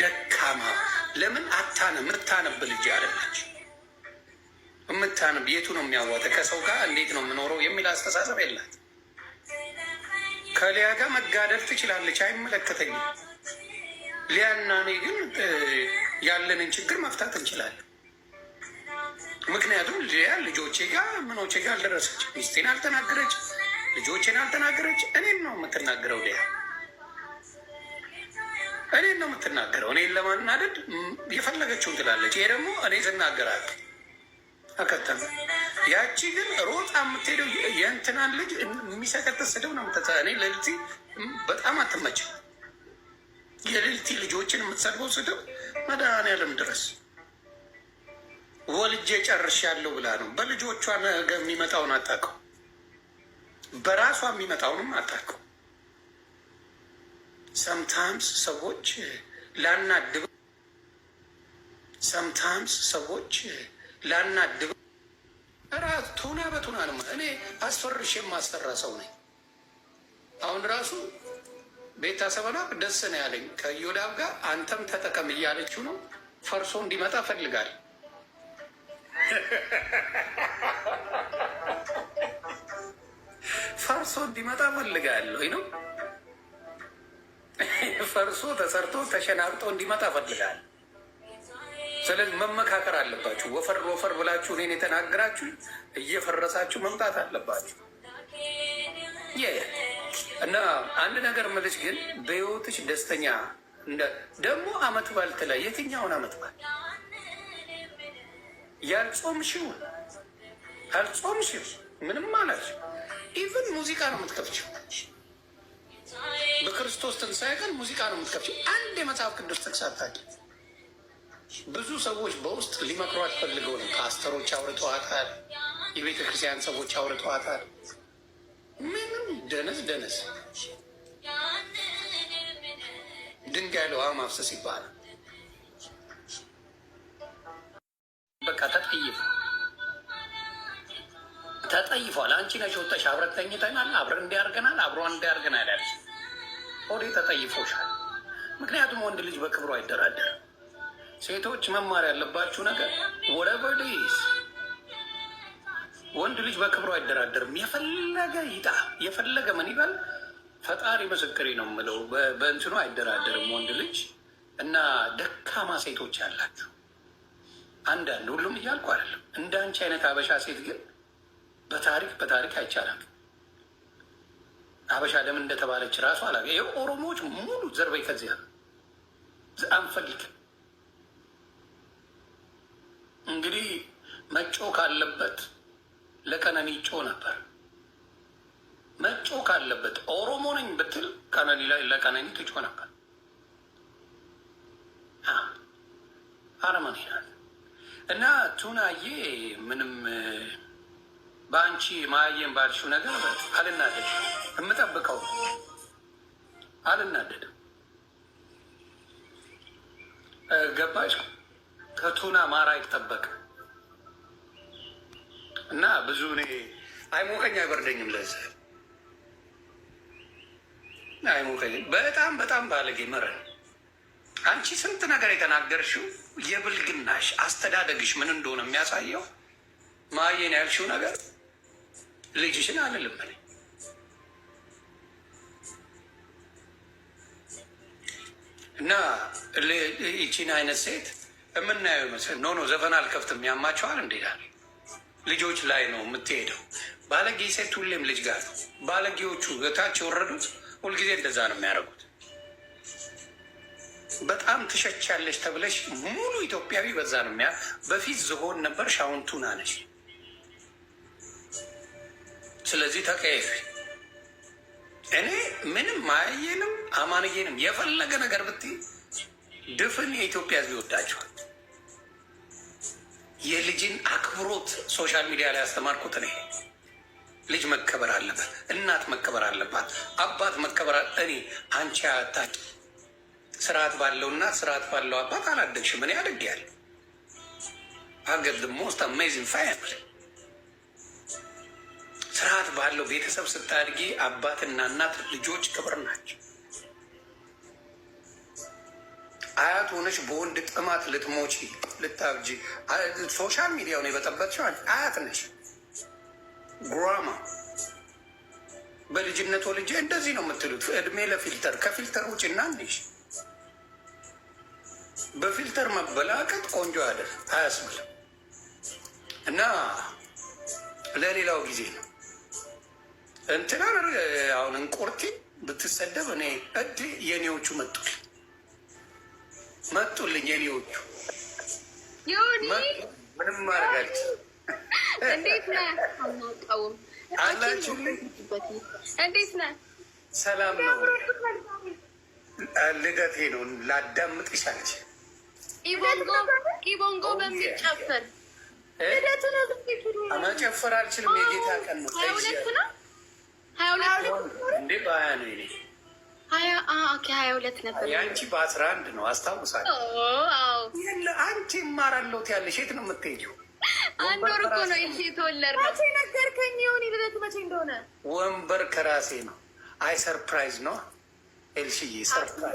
ደካማ ለምን አታነ የምታነብ ልጅ አለች። የምታነብ የቱ ነው የሚያዋተ ከሰው ጋር እንዴት ነው የምኖረው የሚል አስተሳሰብ የላት። ከሊያ ጋር መጋደል ትችላለች፣ አይመለከተኝም። ሊያና እኔ ግን ያለንን ችግር መፍታት እንችላለን። ምክንያቱም ሊያ ልጆቼ ጋር ምኖቼ ጋር አልደረሰች፣ ሚስቴን አልተናገረች፣ ልጆቼን አልተናገረች፣ እኔን ነው የምትናገረው ሊያ እኔ ነው የምትናገረው። እኔን ለማናደድ የፈለገችውን ትላለች። ይሄ ደግሞ እኔ ስናገራል አከተመ። ያቺ ግን ሮጣ የምትሄደው የእንትናን ልጅ የሚሰቀጥስ ስድብ ነው ምተ እኔ ለልቲ በጣም አትመችም። የልልቲ ልጆችን የምትሰድበው ስድብ መድኃኒዓለም ድረስ ወልጄ ጨርሻለሁ ብላ ነው። በልጆቿ የሚመጣውን አታውቀው፣ በራሷ የሚመጣውንም አታውቀው። ሰምታይምስ ሰዎች eh, ላናድብ ሰምታይምስ ሰዎች eh, ላናድብ ራት ቱና በቱና ነው። እኔ አስፈርሽ የማስፈራ ሰው ነኝ። አሁን ራሱ ቤታ ደስ ነው ያለኝ ከዮዳብ ጋር አንተም ተጠቀም እያለችው ነው። ፈርሶ እንዲመጣ ፈልጋል። ፈርሶ እንዲመጣ ፈልጋለሁ ነው ፈርሶ ተሰርቶ ተሸናግጦ እንዲመጣ ፈልጋል። ስለዚህ መመካከር አለባችሁ። ወፈር ወፈር ብላችሁ እኔን የተናገራችሁ እየፈረሳችሁ መምጣት አለባችሁ። እና አንድ ነገር ምልሽ ግን በህይወትሽ ደስተኛ ደግሞ አመት በዓል ትላይ የትኛውን አመት በዓል ያልጾምሽው አልጾምሽው ምንም አላችሁ ኢቨን ሙዚቃ ነው የምትከፍችው የክርስቶስ ትንሣኤ ቀን ሙዚቃ ነው የምትከፍችው። አንድ የመጽሐፍ ቅዱስ ጥቅስ አታውቂም። ብዙ ሰዎች በውስጥ ሊመክሯት ፈልገው ነው። ፓስተሮች አውርተዋታል፣ የቤተ ክርስቲያን ሰዎች አውርተዋታል። ምንም ደነስ ደነስ ድንጋይ ለውሃ ማፍሰስ ይባላል። በቃ ተጠይፍ ተጠይፏል። አንቺ ነሽ ወጥተሽ አብረን ተኝተናል፣ አብረን እንዲያርገናል፣ አብሮ እንዲያርገናል ያለች ሆዴ ተጠይፎሻል። ምክንያቱም ወንድ ልጅ በክብሩ አይደራደርም። ሴቶች መማር ያለባችሁ ነገር ወረበዴስ ወንድ ልጅ በክብሩ አይደራደርም። የፈለገ ይጣ የፈለገ ምን ይበል፣ ፈጣሪ ምስክሬ ነው የምለው በእንትኑ አይደራደርም ወንድ ልጅ እና ደካማ ሴቶች ያላችሁ አንዳንድ፣ ሁሉም እያልኩ አይደለም። እንደ አንቺ አይነት አበሻ ሴት ግን በታሪክ በታሪክ አይቻልም። ሀበሻ ለምን እንደተባለች ራሱ አላ ይኸው ኦሮሞዎች ሙሉ ዘርበይ ከዚያ አንፈልግም። እንግዲህ መጮ ካለበት ለቀነኒ ጮ ነበር። መጮ ካለበት ኦሮሞ ነኝ ብትል ቀነኒ ለቀነኒ ትጮ ነበር። አረመኔ እና ቱናዬ ምንም በአንቺ ማየን ባልሽው ነገር አልናደድ የምጠብቀው አልናደድም። ገባሽ? ከቱና ማራ አይጠበቅም እና ብዙ እኔ አይሞቀኝ አይበርደኝም። ለዚ አይሞቀኝም። በጣም በጣም ባለጌ መረ አንቺ ስንት ነገር የተናገርሽው የብልግናሽ አስተዳደግሽ ምን እንደሆነ የሚያሳየው ማየን ያልሽው ነገር ልጅሽን አልልም እኔ እና ይቺን አይነት ሴት የምናየው ይመስል ኖ ኖ ዘፈን አልከፍትም ያማቸዋል እንዴዳል ልጆች ላይ ነው የምትሄደው። ባለጌ ሴት ሁሌም ልጅ ጋር ነው። ባለጌዎቹ እታች የወረዱት ሁልጊዜ እንደዛ ነው የሚያደርጉት። በጣም ትሸቻለች ተብለሽ ሙሉ ኢትዮጵያዊ በዛ ነው የሚያ በፊት ዝሆን ነበር አሁን ቱና ስለዚህ ተቀየፊ። እኔ ምንም ማያየንም አማንዬንም የፈለገ ነገር ብትይ ድፍን የኢትዮጵያ ሕዝብ ይወዳቸዋል። የልጅን አክብሮት ሶሻል ሚዲያ ላይ ያስተማርኩት እኔ ልጅ መከበር አለበት፣ እናት መከበር አለባት፣ አባት መከበር እኔ አንቺ አያታች ስርዓት ባለው እናት ስርዓት ባለው አባት አላደግሽም። እኔ አድጌያለሁ። ሀገር ሞስት አሜዚንግ ፋሚሊ ባለው ቤተሰብ ስታድጊ አባትና እናት ልጆች ክብር ናቸው። አያት ሆነች በወንድ ጥማት ልትሞቺ ልታብጂ ሶሻል ሚዲያውን የበጠበትሽው አያት ነች ጉራማ በልጅነቶ ልጅ እንደዚህ ነው የምትሉት። እድሜ ለፊልተር ከፊልተር ውጭ እናንሽ በፊልተር መበላቀጥ ቆንጆ አደር አያስብልም እና ለሌላው ጊዜ ነው። እንትና አሁን እንቁርቲ ብትሰደብ እኔ እድ የኔዎቹ መጡልኝ መጡልኝ የኔዎቹ ምንም ማድረግ እንዴት ነህ? አናውቀውም አላችሁልኝ። ሰላም ነው። ልደቴ ነው። ላዳምጥሽ አለች። ኢቦንጎ በሚጨፍር ልደቱ ነው። መጨፈር አልችልም። የጌታ ቀን ነው። ሀያ በአስራ አንድ ነው አስታውሳለሁ። አንቺ እማራለሁ ያለሽ የት ነው የምትሄጂው? አንድ ወር እኮ ነው ይሄ የተወለድነው። መቼ ነገርከኝ? የሆነ ልደቱ መቼ እንደሆነ ወንበር ከራሴ ነው። አይ ሰርፕራይዝ ነው ኤልሽዬ ሰርፕራይዝ